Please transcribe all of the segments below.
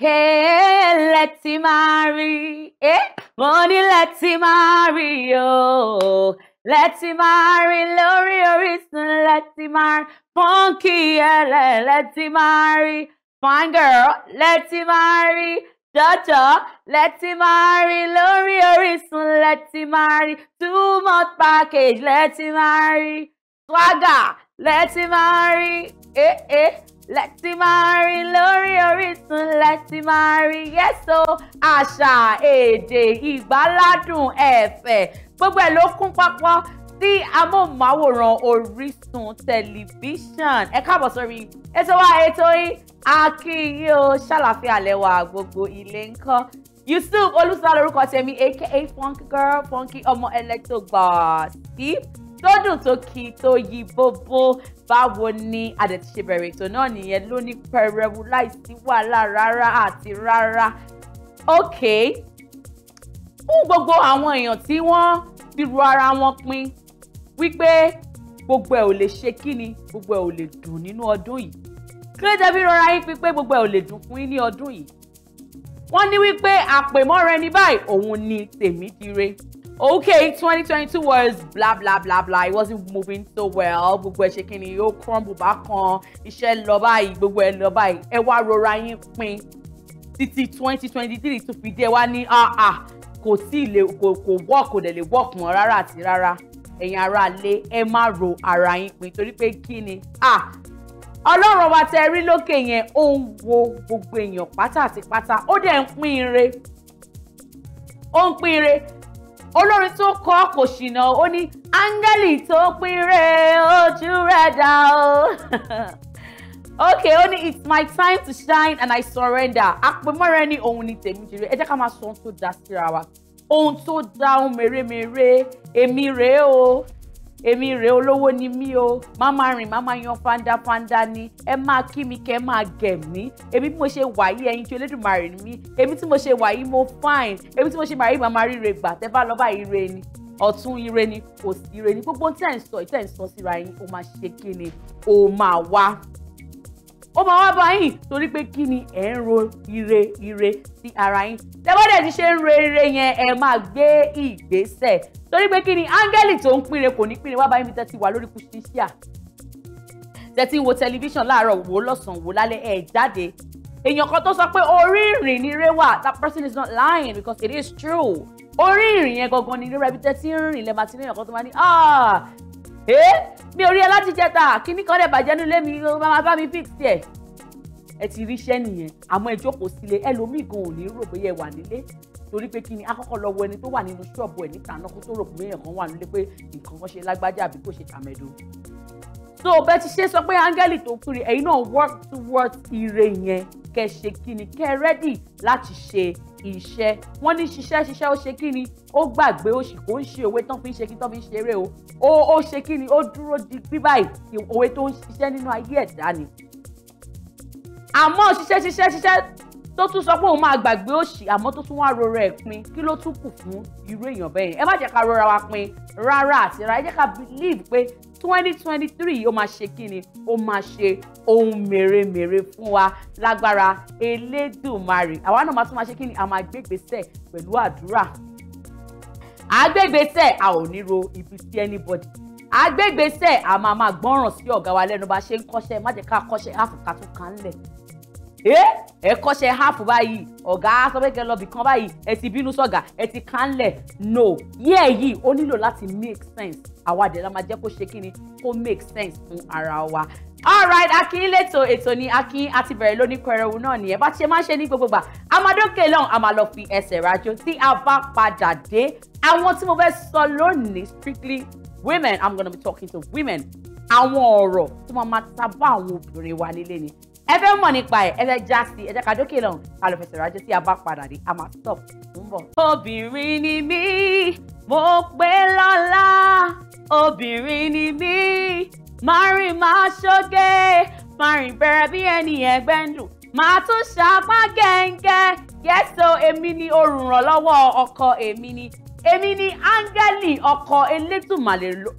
Hey, let's marry. Hey, eh? money, let's marry. Oh, let's marry. Lori Orison, let's marry. Funky, yeah, let's marry. Fine girl, let's marry. Jaja, let's marry. Lori Orison, let's marry. Two month package, let's marry. Swagger, let's marry. Eh, eh. láti máa rí lórí Orísun láti máa rí yẹ́sọ àṣà èdè ìgbáládùn ẹ̀fẹ̀ gbogbo ẹ̀ ló kún pápọ̀ sí amóhùnmáwòrán Orísun tẹlifíṣàn ẹ káàbọ̀ sórí ètò wa ètò yín akínyìn o ṣàlàfíà lẹ́wà gbogbo ilé ńkọ́ Yusuf olùsọ lórúkọ tèmi aka funky girl funky ọmọ ẹlẹ́tọ̀gbà sí tó dùn tó kí tó yí bóbó báwo ni a dẹ̀ ti ṣe bẹ̀rẹ̀ ètò náà nìyẹn lóní pẹrẹwu láìsí wàhálà rárá àti rárá. ok fún gbogbo àwọn èèyàn tí wọ́n ti ru ara wọn pin wípé gbogbo ẹ̀ ò lè ṣe kí ni gbogbo ẹ̀ ò lè dùn nínú ọdún yìí kí bí rọra yín pín gbogbo ẹ̀ ò lè dùn fún yín ní ọdún yìí wọ́n ní wípé àpèmọ́ra ẹni báyìí òun ni tèmi dire okay 2022 was blah blah blah blah it wasn't moving so well gbogbo ẹ ṣe kí ni ó crumble bákan iṣẹ́ lọ báyìí gbogbo ẹ lọ báyìí ẹ wá rọra yín pin títí 2023 tó fi dé wá ní àà ah, ah, kò tí lè kò kò work kò dẹ̀ lè work mọ́ rárá àti rárá ẹ̀yin ará lé ẹ má ro ara yín pin torí pé kí ni à ah, ọlọ́run ọba tẹ rí lókè yẹn ó ń wo gbogbo èèyàn pátá àti pátá ó dẹ̀ ń pín ire ó ń pín ire olórin tó kọ kò ṣìnà ó ní áńgẹ́lì tó pín re ojú rẹ̀ dá o. okay ó ní it's my time to shine and I surrender àpèmọ́ra ẹni òun ni tèmi jèrè ẹ jẹ́ ká máa sọ ohun tó dá síra wa ohun tó dá ohun mèremère èmi rèé o èmi rèé olówó ni mí o má rìn má yan fandafanda ni ẹ máa kí mi kẹ ẹ máa gẹ̀ mí èmi bí mo ṣe wà yí ẹyin tí Olódùmarè ni mí èmi tí mo ṣe wà mo fine èmi tí mo ṣe wà yí màmá ríre gbà tẹ bá lọ bá ire ni ọ̀tún ire ni kò sí ire ni gbogbo tí ẹ̀ ń sọ ìtẹ̀ ń sọ síra yín ó máa ṣe kí ni máa wá ó máa wá bá yín torí pé kí ni ẹ̀ ń ro ire ire sí ara yín tẹ́bọ́dẹ̀ ti ṣe ń ro ire yẹn ẹ máa gbé ìgbésẹ̀ torí pé kí ni áńgẹ́lì tó ń pínre kò ní pínre wá bá yín bí tẹ́ ti wà lórí kùsìṣíà tẹ́ ti ń wo tẹlifíṣàn láàárọ̀ wò lọ́sàn-án wò lálẹ́ ẹ̀ jáde èèyàn kan tó sọ pé orí ìrìn ni ire wà that person is not lying because it is true orí ìrìn yẹn gangan ni ire rẹ bí tẹ́ ti ń rìn lẹ́ẹ̀ma ti ní èèyàn kan tó máa ní ah ẹ́ eh? mi ò rí ẹ láti jẹta kíní kan dẹ̀ bàjẹ́ nílé mi máa bá mi fix ẹ̀ ẹ ti ríṣẹ́ nìyẹn àmọ́ ẹ jókòó sílé ẹlòmíì gan ò ní rò bóyá ẹ wà nílé torí pé kíni àkọ́kọ́ lọ wo ẹni tó wà nínú ṣọ́ọ̀bù ẹ̀ níta náà kó tó rò pé èèyàn kan wà nílé pé nǹkan kan ṣe lágbájá àbí kò ṣe tàmẹ̀dò so bẹ́ẹ̀ ti ṣe sọ pé áńgẹ́lì tó kiri ẹ̀yin náà work towards ire yẹn kẹ́ ṣe kí ni kẹ́ rẹ́dì láti ṣe iṣẹ́ wọ́n ní ṣiṣẹ́ ṣiṣẹ́ ó ṣe kí ni ó gbàgbé ó sì kò ń ṣe òwe tán fi ń ṣe kí tán fi ń ṣeré o ó ó ṣe kí ni ó dúró di bíbá òwe tó ń ṣiṣẹ́ nínú ayé ẹ̀dá ni. àmọ́ ṣiṣẹ́ ṣiṣẹ́ ṣiṣẹ́ tó tún sọ pé òun máa gbàgbé òṣì àmọ́ tó tún wá rora ẹ̀ pin kí ló tún kù fún irú èèyàn bẹ́ẹ̀ ẹ má jẹ́ ká rora wa pin rárá àti rárá ẹ jẹ́ ká believe pé twenty twenty three ó máa ṣe kíni ó máa ṣe ohun mèremère fún wa lágbára elédùnmarè àwa náà máa tún máa ṣe kíni a máa gbégbèsè pẹ̀lú àdúrà àgbégbèsè a ò ní ro ibi sí anybody àgbégbèsè a máa máa gbọ́ràn sí ọ̀gá wa lẹ́nu bá ṣe ń kọ́ṣẹ́ má jẹ́ ká kọ́ṣẹ́ áfùkà tó kàn lẹ̀ ẹ kọ́ṣẹ́ háàpù báyìí ọ̀gá sọ pé kẹ́ lọ bìkan báyìí ẹ ti bínú sọ̀gà ẹ ti kàn lẹ̀ no yẹ́ẹ̀ yìí ó nílò láti make sense àwa dẹ̀ la máa jẹ́ kó ṣe kí ni kó make sense fún ara wa alright akin lẹ́tọ̀ ètò ni akin àti bẹ̀rẹ̀ lóní pẹrẹwu náà nìyẹn bá ti ṣe máa ń ṣe ní gbogbogbà amadókè lọ́hùn a máa lọ fi ẹsẹ̀ rájò tí a bá padà dé àwọn tí mo fẹ́ sọ lónìí strictly women i'm gonna be talking to women àwọn ọ̀rọ̀ tí wọ́n máa tabá àwọn obìnrin wa nílé ni ẹ fẹ́ mọ̀ nípa ẹ̀ ẹ fẹ́ já sí ẹ jẹ́ ká dókè lọ́hùn ká lọ fẹsẹ̀ rájò tí a bá padà dé a máa stop obìnrin ni mí mo pé lọ́lá obìnrin ni mí máa rìn máa ṣoge máa rìn bẹ̀rẹ̀ bí ẹni ẹgbẹ́ ń dùn màá tún ṣapá gẹ́ngẹ́ yẹ́sọ èmi ni olùrànlọ́wọ́ ọkọ èmi ni èmi ni áńgẹ́lì ọkọ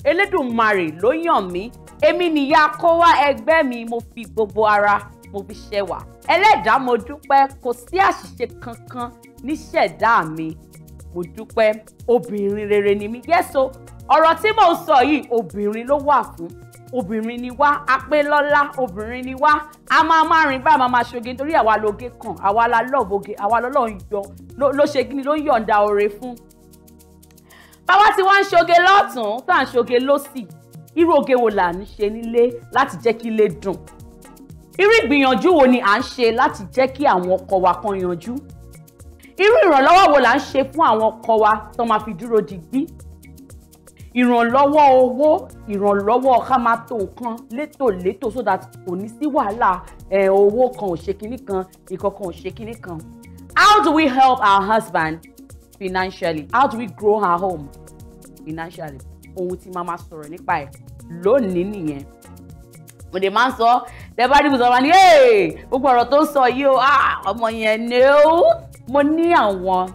elédùnmarè ló yàn mí èmi nìyá kó wá ẹgbẹ́ mi mo fi gbogbo ara mo fi ṣẹwà ẹlẹ́dàá mo dúpẹ́ kò sí àṣìṣe kankan níṣẹ̀dá mi mo dúpẹ́ obìnrin rere ni mí yẹ́sọ ọ̀rọ̀ tí mò ń sọ yìí obìnrin ló wà fún obìnrin ni wá apélọ́lá obìnrin ni wá a máa máa rìn bá a máa máa ṣoge nítorí àwa lóge kan àwa la lọ́ọ̀bù oge àwa lọ́lọ́ ń yọ ló ṣe gíní ló ń yọ̀ǹda oore fún. báwa tí wọ́n ń ṣoge lọ́tún tá à ń ṣoge lọ́sì irú oge wo là ń ṣe nílé láti jẹ́ kí ilé dùn irú ìgbìyànjú wo ni à ń ṣe láti jẹ́ kí àwọn ọkọ wa kan yanjú irú ìrànlọ́wọ́ wo là ń ṣe fún àwọn ọkọ wa tó máa fi dúró digbí ìrànlọ́wọ́ owó ìrànlọ́wọ́ ká máa tó nǹkan létòlétò so that kò ní sí wàhálà owó kan ò ṣe kinní kan ìkọ̀kan ò ṣe kinní kan. How do we help our husband financially? How do we grow our home financially? Ohun tí màá máa sọ̀rọ̀ nípa ẹ̀ lónìí nìyẹn mo dè máa ń sọ tẹ́ bá dìbò sọ̀rọ̀ ni gbogbo ọ̀rọ̀ tó ń sọ yìí o ah, ọmọ yẹn ni ó mo ní àwọn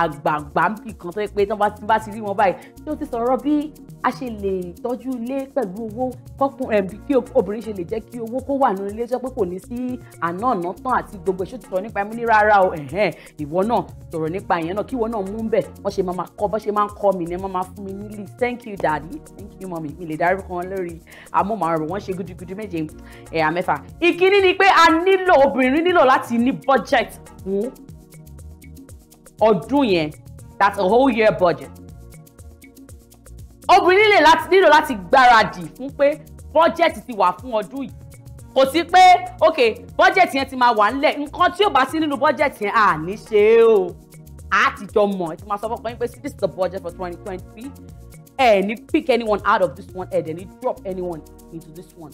àgbààgbà ń bì kan tó yẹ pé tí wọ́n bá ti rí wọn báyìí tí ó ti sọ̀rọ̀ bí a ṣe lè tọ́jú ilé pẹ̀lú owó kọ́kùn kí obìnrin ṣe lè jẹ́ kí owó kó wà nínú ilé tó pé kò ní sí àná ọ̀nà tán àti gbogbo èso ti sọ̀rọ̀ nípa ẹ̀mí ní rárá o ẹ̀hẹ́n ìwọ náà sọ̀rọ̀ nípa ìyẹn náà kí ìwọ náà mú bẹ̀ wọ́n ṣe máa kọ́ bọ́ ṣe máa ń kọ́ mi ní wọ́n máa fún mi ní list thank you daddy thank you mommy mi lè darí kan lórí amóhùnmáwòrán wọ́n ṣe gudugudu méje ẹ̀yà mẹ́fà ìkíní ni pé a nílò obìnrin nílò láti ní budget fún ọdún yẹn that's a whole year budget obìnrin lè láti nílò láti gbáradì fún pé bọ́jẹ̀tì ti wà fún ọdún yìí kò sí pé ok bọ́jẹ̀tì yẹn ti máa wà nílẹ̀ nǹkan tí ò bá sí nínú bọ́jẹ̀tì yẹn à ní ṣe é o àtijọ́ mọ̀ ẹ ti máa sọ fọ́pọ́ yín pé this is the budget for twenty twenty three ẹ ní pick anyone out of this one ẹ dẹ̀ ní drop anyone into this one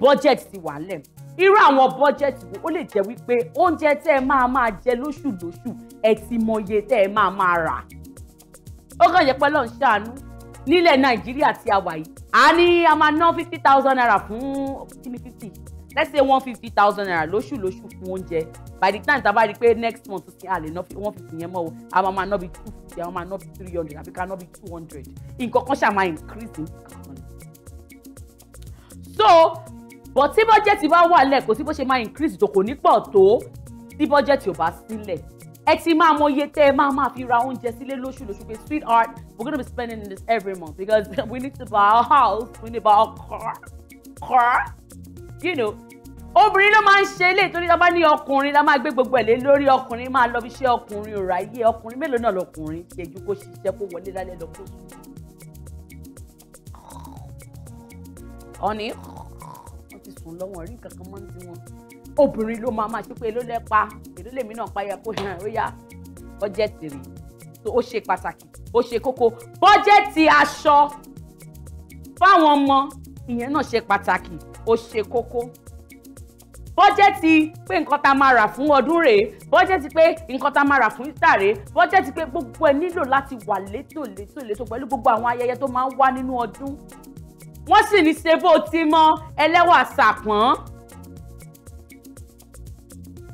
budget ti wà nílẹ̀ irú àwọn budget wo ó lè jẹ́ wípé oúnjẹ tẹ́ ẹ máa máa jẹ lóṣù lóṣù ẹ ti mọ iye tẹ́ ẹ máa máa rà ó kàn yẹ pé lọ́n ṣàánú nílẹ̀ nàìjíríà tí a wà yìí a ní a máa ná fifty thousand naira fún kíni fifty let's say one fifty thousand naira lóṣù lóṣù fún oúnjẹ by the time tá bá rí pé next month sí a lè ná one fifty yẹn mọ́ o a máa ná bí two fifty a máa ná bí three hundred àbí ká ná bí two hundred nǹkan kan ṣáà increase nǹkan kan so but tí bọ́jẹ̀tì bá wà lẹ̀ kò sí bó ṣe máa increase tó kò ní pọ̀ tó tí bọ́jẹ̀tì ò bá sílẹ̀ ẹ ti máa mọ iye tẹ́ ẹ máa máa fi ra oúnjẹ sílé lóṣù lóṣù pé sweetheart we're gonna be spending this every month because we need to buy a house we need to buy a car car you know obìnrin ló máa ń ṣe eléyìí torí tá bá ní ọkùnrin la máa gbé gbogbo ẹ̀ lé lórí ọkùnrin máa lọ fi ṣe ọkùnrin òrà yé ọkùnrin mélòó náà lọkùnrin ṣèjú kó ṣiṣẹ́ kó wọlé lálẹ́ lọ kó sùn. ọ̀nì wọ́n ti sùn lọ́wọ́ rí nǹkan kan máa ń ti wọn obìnrin ló máa máa ṣe pé èló pa èló lèmi náà pa yẹ kó hàn ó yá bọ́jẹ̀tì rẹ̀ so ó ṣe pàtàkì ó ṣe kókó bọ́jẹ̀tì aṣọ fáwọn ọmọ ìyẹn náà ṣe pàtàkì ó ṣe kókó bọ́jẹ̀tì pé nǹkan tá a máa rà fún ọdún rèé bọ́jẹ̀tì pé nǹkan tá a máa rà fún ìta rèé bọ́jẹ̀tì pé gbogbo ẹ nílò láti wà létò létò létò pẹ̀lú gbogbo àwọn ayẹyẹ tó máa ń wá nínú ọdún wọ́n sì ní sebo tí mọ́ ẹlẹ́wà sàpọ́n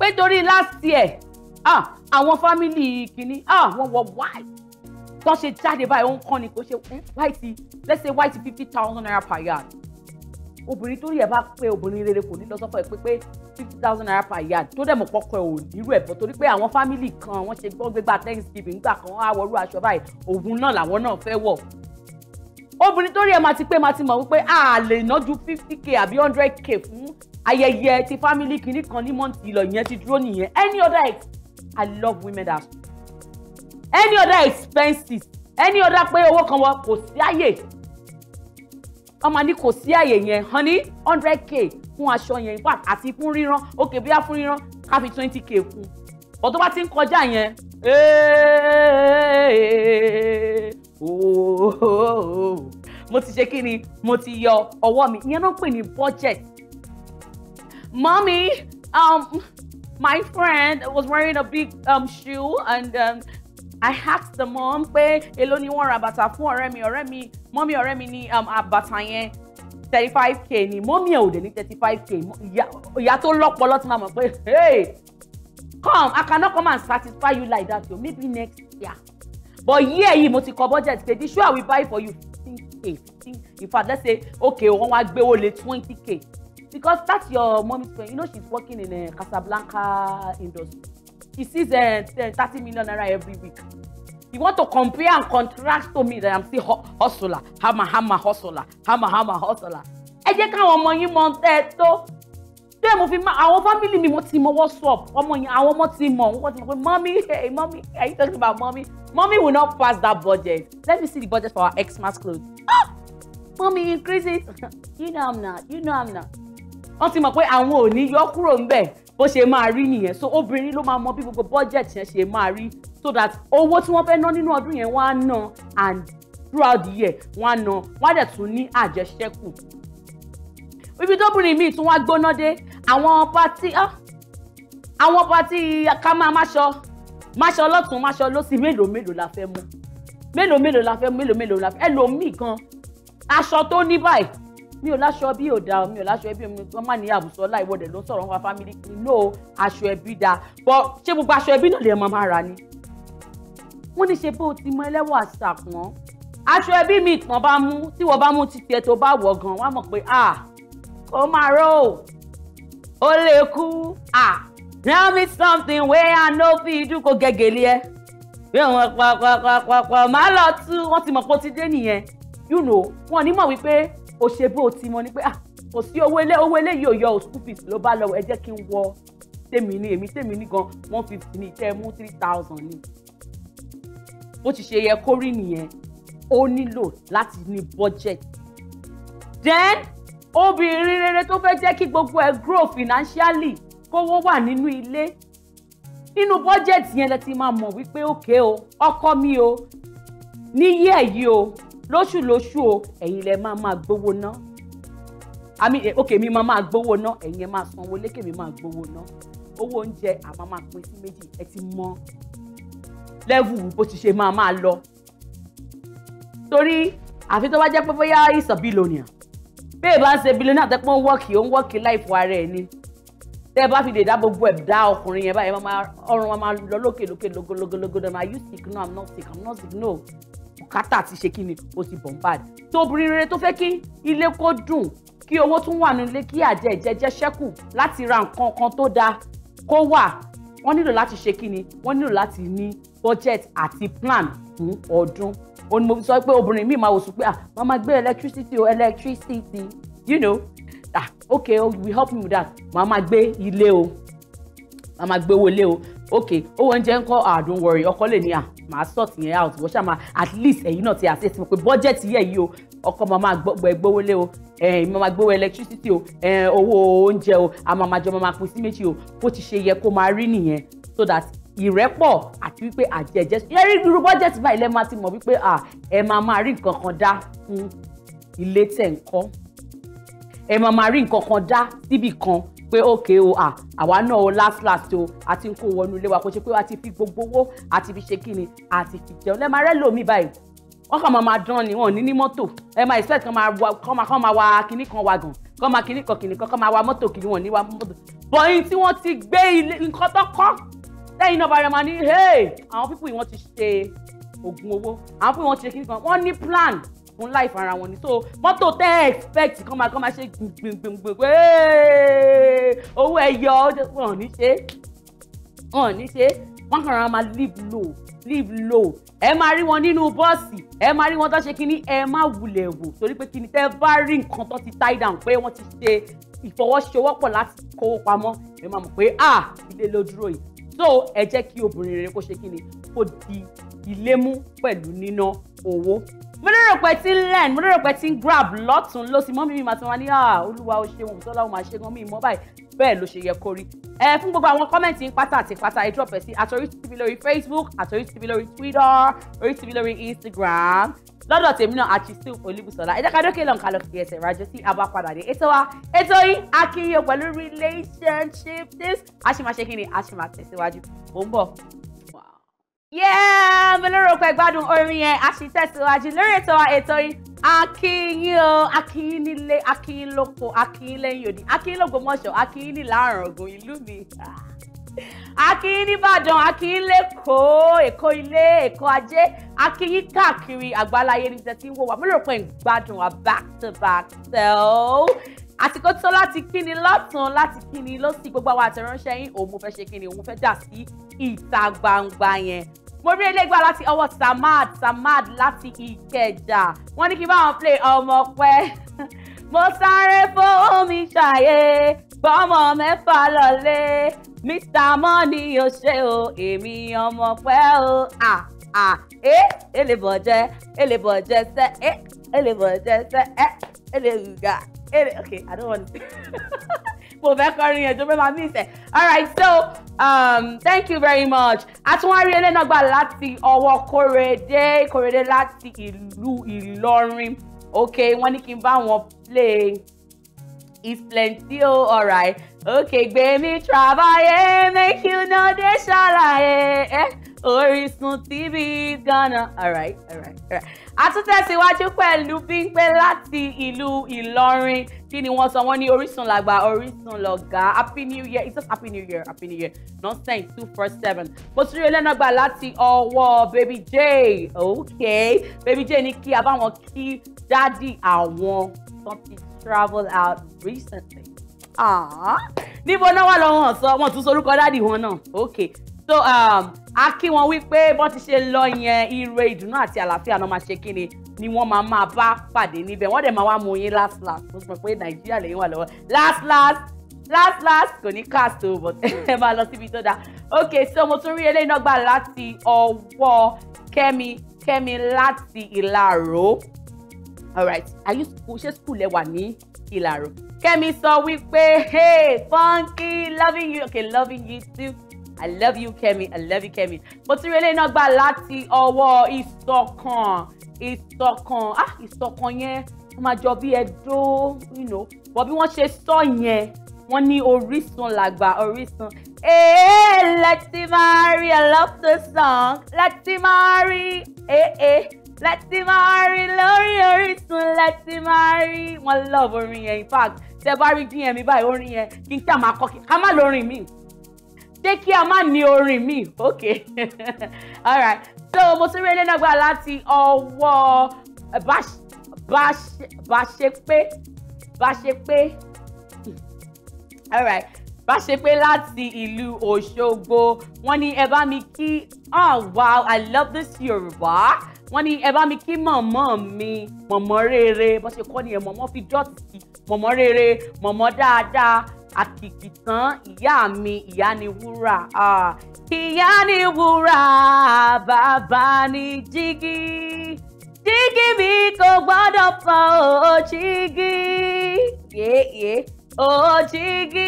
pé torí last year ah àwọn family, kìíní ah wọ́n wọ white tán ṣe jáde báyìí ó ń kàn ní kó ṣe white let's say white fifty thousand naira per yard obìnrin tó rí ẹ bá pé obìnrin rere kò ní lọ sọ́fọ̀ ẹ pé pé fifty thousand naira per yard tó dẹ̀ mọ̀ pọ́kọ ẹ̀ ò nírú ẹ̀ bọ́ torí pé àwọn fámìlì kan wọ́n ṣe gbọ́ gbégbá thanksgiving gbà kan á wọrú aṣọ báyìí òun náà làwọn náà fẹ́ wọ̀ obìnrin tó rí ẹ máa ti pé máa ti mọ̀ wípé a lè ná ju fifty k àbí hundred k fún ayẹyẹ ti family kìíní kan ní mọ́ǹtì lọ ìyẹn ti dúró nìyẹn any other ex i love women that any other expenses any other pé owó kan wọ kò sí àyè ọmọ ní kò sí àyè yẹn hàn hundred k fún aṣọ yẹn in fact àti fún ríran òkè bóyá fún ríran ká fi twenty k kún ọ̀tọ́ bá ti ń kọjá yẹn eh, oh, mo ti ṣe kí ni mo ti yọ ọwọ́ mi ìyẹn náà pè ní budget mommy, um, my friend was wearing a big um, shoe and um, I asked the mom pé èló ni wọ́n ra bàtà fún ọ̀rẹ́ mi ọ̀rẹ́ mi mọ́mí ọ̀rẹ́ mi ní um, àbàtà yẹn thirty five k ni mọ́mí ẹ̀ ò dé ní thirty five k ìyá tó lọ́pọlọ ti máa mọ̀ pé hey come I cannot come and satisfy you like that Yo, maybe next year but year yìí mo ti kọ budget pé the shoe I will buy for you fifteen k in fact let's say okay wọ́n wá gbé wọlé twenty k because that's your mommy's friend you know she's working in a eh, Casablanca industry she sees uh, eh, 30 eh, million naira every week you want to compare and contrast to me that i'm still hustler hammer hammer hustler hammer hammer hustler ẹ jẹ́ káwọn ọmọ yín mọ tẹ́ ẹ tó tẹ́ ẹ mo fi máa àwọn family mi mo ti mọ whatsapp ọmọ yẹn àwọn ọmọ ti mọ wọ́n ti mọ pé mommy hey mommy are you talking about mommy mommy will not pass that budget let me see the budget for our xmas cloth ah mommy increase it you know i'm not you know i'm not wọ́n ti mọ̀ pé àwọn ò ní yọ kúrò ńbẹ̀ bó ṣe máa rí nìyẹn so obìnrin ló máa mọ bí gbogbo budget yẹn ṣe máa rí so that owó tí wọ́n fẹ́ ná nínú ọdún yẹn wọ́n á ná and throughout the year wọ́n á ná wọ́n á dẹ̀ tún ní àjẹṣẹ́kù. ibi tóbìnrin míì tún wá gbóná dé àwọn pati ah, àwọn pati ká máa máṣọ máṣọ lọ́tún máṣọ lọ́sì mélòó mélòó la fẹ́ mú mélòó mélòó la fẹ́ mú mélòó mélòó la fẹ́ ẹlòmíì gan aṣọ tó ní báyìí mi ò láṣọ bí ò da mi ò láṣọ ẹbí mi wọn má ní àbùsọlá ìwọdẹ ló ń sọ̀rọ̀ nípa family ìlò aṣọ ẹbí da bọ ṣé gbogbo aṣọ ẹbí náà lè máa máa rà ni. wọ́n ní ṣe bó o ti mọ ẹlẹ́wọ̀n àṣàpọ̀n aṣọ ẹbí mi ìtàn bá mú tí wọ́n bá mú ti tiẹ̀ tó bá wọ̀ gan wọ́n á mọ̀ pé à kò máa rọ o ó lè kú à tell me something wey i no fit do kó gẹ́gẹ́lé ẹ bí wọn pàpàpàpàpà máa lọ tú wọ́n ti mọ̀ pé ó ti dé nìyẹn you know wọ́n ní mọ̀ wípé o ṣe bó o ti mọ ni pé ah kò sí owó ilé owó ilé yìí ò yọ school fees ló bá lọ ẹ jẹ́ kí n wọ tèmi ní èmi tèmi ní gan one fifty ní ìtẹ́ mú three thousand ní. bó ti ṣe yẹ kó rí nìyẹn ó nílò láti ní budget. then obìnrin rere tó fẹ́ jẹ́ kí gbogbo ẹ̀ grow financially kówó wà nínú ilé nínú budget yẹn lẹ ti máa mọ̀ wípé òkè o ọkọ mi o níyí ẹ̀ yìí o lóṣù lóṣù o ẹ̀yin lẹ máa máa gbowó ná àmì òkè eh, mi máa máa gbowó ná ẹ̀yin ẹ máa sanwó lékè mi máa gbowó ná owó oúnjẹ àmọ́ máa pín sí méjì ẹ ti mọ lẹ́wù bó ti ṣe máa máa lọ torí àfi tó bá jẹ́ pé bóyá ìsàn bílónìà bẹ́ẹ̀ bá ń ṣe bílónìà tẹ́ pé ó ń wọ́ọ̀kì ó ń wọ́ọ̀kì láìfọ ara ẹ̀ ni tẹ́ ẹ bá fi lè dá gbogbo ẹ̀ dá ọkùnrin yẹn báyìí ọrùn wọn máa lọ lókè lókè lógólógólógó dẹ̀ Are you sick no i'm not sick i'm not sick no bùkátà ti ṣe kíni ó ti bombard tóbìnrin rere tó fẹ́ kí ilé kó dùn kí owó tún wà nílé kí àjẹ ìjẹjẹ ṣẹ́kù láti ra nǹkan kan tó dáa kó wà wọ́n nílò láti ṣe kíni wọ́n nílò láti ní budget àti plan fún ọdún ó ní mo sọ pé obìnrin mi máa wò sùn pé ah màmá gbé electricity o electricity you know ah okay oh, you help me with that màmá gbé ilé o màmá gbé owó ilé o ok owó oúnjẹ ń kọ́ àdùn ah, wọ̀rì ọkọ lè ní à ah, máa sort yẹn out wọ́n ṣàmà at least ẹ̀yin náà ti àṣẹ ti mọ̀ pé budget yẹ yìí o ọkọ máa máa gbówó lé o ìmọ̀ eh, máa gbówó electricity o eh, owó oúnjẹ o àmọ́ máa jọ máa pín sí méjì o bó ti ṣe yẹ kó máa rí nìyẹn so that ìrẹ́pọ̀ àti wípé àjẹjẹ yẹ́rí irú bọ́jẹ̀tì báyìí lẹ́ẹ̀ máa ti mọ̀ wípé ah, ẹ máa máa rí nǹkan kan dá fún ilé tẹ̀ ń kọ́ ẹ máa máa rí nǹkan kan dá síbì kan pé òkè o à àwa náà o last last o a ti ń kó wọnú ilé wa kó ṣe pé a ti fi gbogbo owó a ti fi ṣe kí ni a ti fi jẹun lẹ́ẹ̀ma rẹ́ lòmí báyìí wọ́n kàn máa dán ni wọ́n ní ní mọ́tò ẹ máa expect kàn máa wa kàn máa kàn máa wa kinní kan wa gàn kàn máa kinní kan kinní kan kàn máa wa mọ́tò kinní wọ́n ní wa mọ́tò bọ̀yìn tí wọ́n ti gbé ilé nǹkan tó kọ́ lẹ́yìn náà bàrẹ̀ máa ní hey àwọn pípù yìí wọ́n ti ṣe oògùn owó àwọn pípù yìí wọ́n ti ṣe kinní kan wọ́n ní plan òun láì fara wọn ni so mọ́tò tẹ́ ẹ expect kán máa kán máa ṣe gbìngbìngbìn pé owó ẹyọ wọn ò ní ṣe wọn ò ní ṣe wọn kàn ra máa live low live low ẹ máa rí wọn nínú bọ́ọ̀sì ẹ máa rí wọn tó ṣe kínní ẹ má wulẹ̀ wò torí pé kínní tẹ́ bá rí nǹkan tó ti tie down pé wọ́n ti ṣe ìfọwọ́sowọ́pọ̀ láti kówó pamọ́ ẹ máa mọ̀ pé ah ilé ló dúró yìí so ẹ jẹ́ kí obìnrin rere kó ṣe kínní kó di ilé mú pẹ̀lú níná owó mo lérò pé ti ń learn mo lérò pé ti ń grab lọ́tún lọ́sì mọ́ mi mi máa ti wá ní ah, olúwa ó ṣe òǹtọ́ láwọn máa ṣe gan mi mọ́ báyìí bẹ́ẹ̀ ló ṣe yẹ kó rí. ẹ fún gbogbo àwọn kọ́mẹ̀ntì pátá àti pátá ẹ drop ẹ sí àtọ́rí tv lórí facebook àtọ́rí tv lórí twitter orí tv lórí instagram lọ́dọ̀ tèmi náà àti sue olúbùsọ̀lá ẹ jẹ́ ká dókè lọ́n ká lọ fi ẹsẹ̀ rájọ sí abápadà ní ètò wa ètò yìí akínyìn pẹ̀lú relationship tips a ṣì máa ṣe kí ń bọ̀. Yeah, mo lérò pé gbádùn orin yẹn a sì tẹ̀síwájú lórí ètò ètò yìí akínyìn o akínyìn nílé akínyìn lóko akínyìn lẹ́yìn òdì akínyìn lógbómọ̀ṣọ́ akínyìn nílàárọ̀ ògùn ìlú mi akínyìn nìbàdàn akínyìn lẹ́kọ̀ọ́ èkó ilé èkó ajé akínyìn káàkiri àgbáláyé ní tẹ̀sí wò wá mo lérò pé gbádùn wa back to back so àsìkò tó láti kíni lọ́tún láti kíni lọ́sí gbogbo àwọn àtẹ̀ránṣẹ́ yín òun mo fẹ́ ṣe kíni òun fẹ́ dà sí ìta gbangba yẹn mo rí elégbà láti ọwọ́ Samad Samad láti Ìkẹjà wọ́n ní kí n bá wọn play ọmọ pẹ́ mo sáré fóun mi ṣàyè gbọ́mọ mẹ́fà lọ́lé Mr Money ò ṣe o èmi ọmọ pẹ́ o à à ẹ ẹ lè bọ̀ jẹ́ ẹ lè bọ̀ jẹ́ sẹ́ ẹ ẹ lè bọ̀ jẹ́ sẹ́ ẹ ẹ lè gà it, okay, I don't want to. Well, back on here, don't remember me. Say, all right, so um, thank you very much. I really Àtúnwárí ẹlẹ́nàgbà láti ọwọ́ Kòrédé, Kòrédé láti Ilu Ìlọrin. Okay, when you kí n bá play. It's plenty, oh, all right. Okay, baby, travel. make you know Eh. Or it's not TV Ghana. All right, all right, all right a tún tẹ̀síwájú pẹ̀lú Bímpé láti ìlú Ìlọrin kí ni wọ́n sọ wọ́n ní orísun làgbà orísun lọ̀gá happy new year it's just happy new year happy new year nonsense two four seven mo tún rí ẹlẹ́nà gbà láti ọwọ́ baby j okay baby j ní kí a bá wọn kí dádì àwọn something travel out recently níbo náà wà lọ́wọ́ sọ wọ́n tún sorúkọ dádì wọn náà okay so um, a kí wọn wípé bọ́n ti ṣe lọ yẹn ire ìdùnnú àti àlàáfíà náà máa ṣe kí ni ni wọ́n máa máa bá pàdé níbẹ̀ wọ́n dẹ̀ máa wá mú yín last last mo sọ pé nàìjíríà lẹ́yìn wà lọ́wọ́ last last last last kò ní cast but ẹ máa lọ síbi tó dáa ok so mo tún rí eléyìí náà gbà láti ọwọ́ kẹ́mi kẹ́mi láti ìlàró alright are you school ṣé school ẹ wà ní ìlàró kẹ́mi sọ wípé hey funky loving you okay loving you too. I love you Kemi I love you Kemi mo ti rí eléyìí náà gbà láti ọwọ́ ìṣọ̀kan ìṣọ̀kan ah ìṣọ̀kan yẹn wọ́n máa jọ bí ẹ̀dó you know but bí wọ́n ṣe sọ yẹn wọ́n ní orísun làgbà orísun. ee láti máa rí I love the song láti máa Hey, ee láti máa rí lórí orísun láti máa wọ́n love orin yẹn in fact tẹ bá rí dm báyìí orin yẹn kí n tẹ àmà kọ kí ká má lórin mi ṣé kí a má ní orin mi ok alright so mo ti rí ilé náà gbà láti ọwọ́ bàṣepé bàṣepé alright bàṣepé láti ìlú Òṣogbo wọ́n ní ẹ bá mi kí oh wow I love this Yorùbá wọ́n ní ẹ bá mi kí mọ̀mọ́ mi mọ̀mọ́ rere bó ṣe kọ́ ni ẹ mọ̀mọ́ fi dọ́ọ̀tì mọ̀mọ́ rere mọ̀mọ́ dáadáa àkìkìtàn ìyá mi ìyá ni wúrà ìyá ni wúrà bàbá ni jígí jígí mi kò gbọ́dọ̀ fọ́ o jígí yéyé o jígí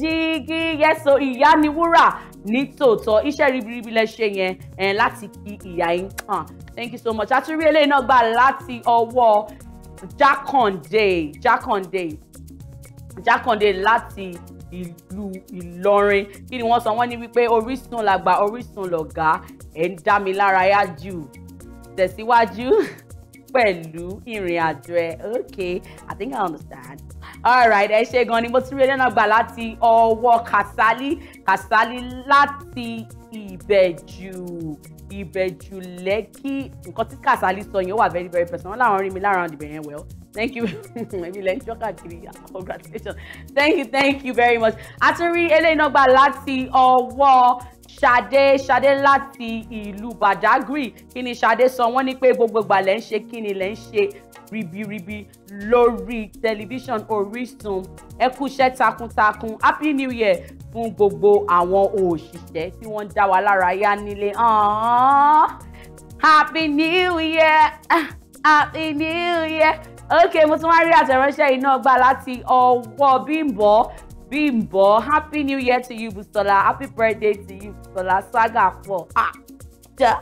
jígí yẹ́sọ ìyá ni wúrà ní tòótọ́ iṣẹ́ ribiribi lẹ ṣe yẹn láti kí ìyá yín thank you so much àtúrí eléyìí náà gbà láti ọwọ́ Jákàndé Jákàndé Jákàndé láti ìlú Ìlọrin kí ni wọ́n sọ wọ́n ní wípé Orísun làgbà Orísun lọ̀gá ẹ̀ ń dá mi lárayá jù tẹ̀síwájú pẹ̀lú ìrìn àjò ẹ̀ okay I think I understand alright ẹ ṣe gan ni mo ti rí ẹlẹ́nà gbà láti ọwọ́ Kasali Kasali láti Ìbẹ̀jú Ìbẹ̀jú Lẹ́kì nǹkan tí Kasali sọ yẹn wà very very personal láwọn rí mi lára ọ̀dìbẹ̀yẹn well thank you Maybe let's talk wọ́n káàkiri congratulations thank you thank you very much àtúrí eléyìí náà gbà láti ọwọ́ ṣadé ṣadé láti ìlú badagry kí ni ṣadé sọ wọ́n ní pé gbogbo ìgbà lẹ́ ń ṣe kí ni lẹ́ ń ṣe ribiribi lórí tẹlifíṣàn Orísun ẹ kúṣẹ́ happy new year fún gbogbo àwọn òṣìṣẹ́ tí wọ́n ń dá wa lára yá nílé happy new year happy new year ok mo tún wá rí àtẹ̀ránṣẹ́ iná gbà láti ọwọ́ Bímbọ́ Bímbọ́ happy new year to you Busola happy birthday to you Busola saga four ah ja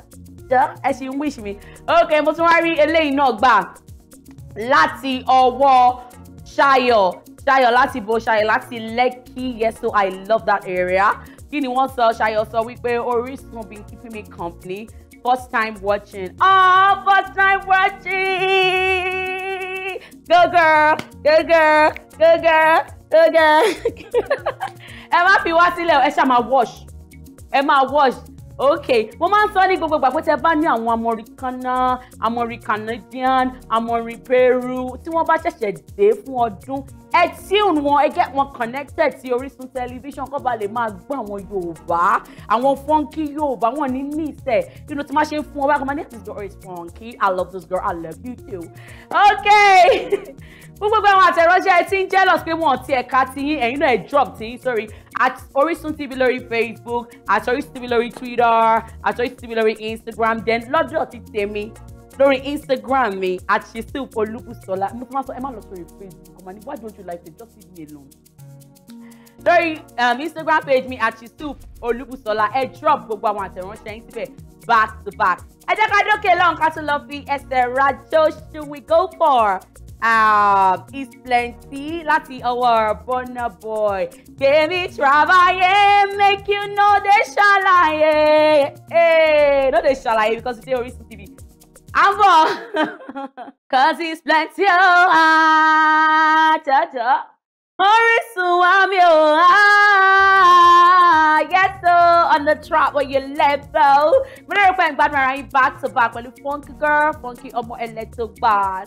ja ẹ ṣì ń wish mi ok mo tún wá rí eléyìí náà gbà láti ọwọ́ Ṣayọ̀ Ṣayọ̀ láti bo Ṣayọ̀ láti Lekki yes so I love that area kí ni wọ́n sọ Ṣayọ̀ sọ wípé Orísun been keeping me company first time watching oh first time watching. Kelsey, go girl, go girl, go girl, go girl. ẹ má fi wá sílẹ̀ ẹ ṣáà máa wash ẹ máa wash ok mo máa ń sọ ní gbogbo ìgbà pé tẹ bá ní àwọn amọ̀ríkaná amọ̀ríkanadian amọ̀rí Peru tí wọ́n bá ṣẹ̀ṣẹ̀ dé fún ọdún ẹ tune wọn ẹ get wọn connected sí Orísun tẹlifíṣàn kó ba lè máa gbọ́ àwọn Yorùbá àwọn fọ́nkì Yorùbá wọn ní mísẹ̀ you know tí máa ṣe ń fún wọn bákan ní this girl is funky I love this girl I love you too okay fún gbogbo àwọn àtẹ̀ránṣẹ́ ẹ ti ń jealous pé wọn ti ẹ̀ka ti yín ẹ̀yin náà ẹ̀ drop ti yín Sorry. at Orisun TV lórí Facebook at Orisun TV lórí Twitter at Orisun TV lórí Instagram then lọ́dọ̀ ti tèmi lórí instagram mi at Shesil Olúbùsọ́lá mo tún máa sọ ẹ má lọ sórí facebook ọmọ ní why don't you like it just leave me alone lórí um, instagram page mi at Shesil Olúbùsọ́lá ẹ drop gbogbo àwọn àtẹ̀ránṣẹ́ yín síbẹ̀ back to back ẹ jẹ́ ká dókè lọ́hùn ká tún lọ fi ẹsẹ̀ rajò should we go for um, is plenty láti ọwọ́ Burna Boy. Kèmí Travaye make you know dey ṣàlàyé. Hey, no dey ṣàlàyé because you dey Orisun TV. I'm born. Cause he's blessed you. Ah, cha cha. Orisuwami your ah yes so on the track where you left though. I lérò pé ń gbádùn ara yín back to back pẹ̀lú funky girl funky oh, a little ẹlẹ́tọ̀gbà.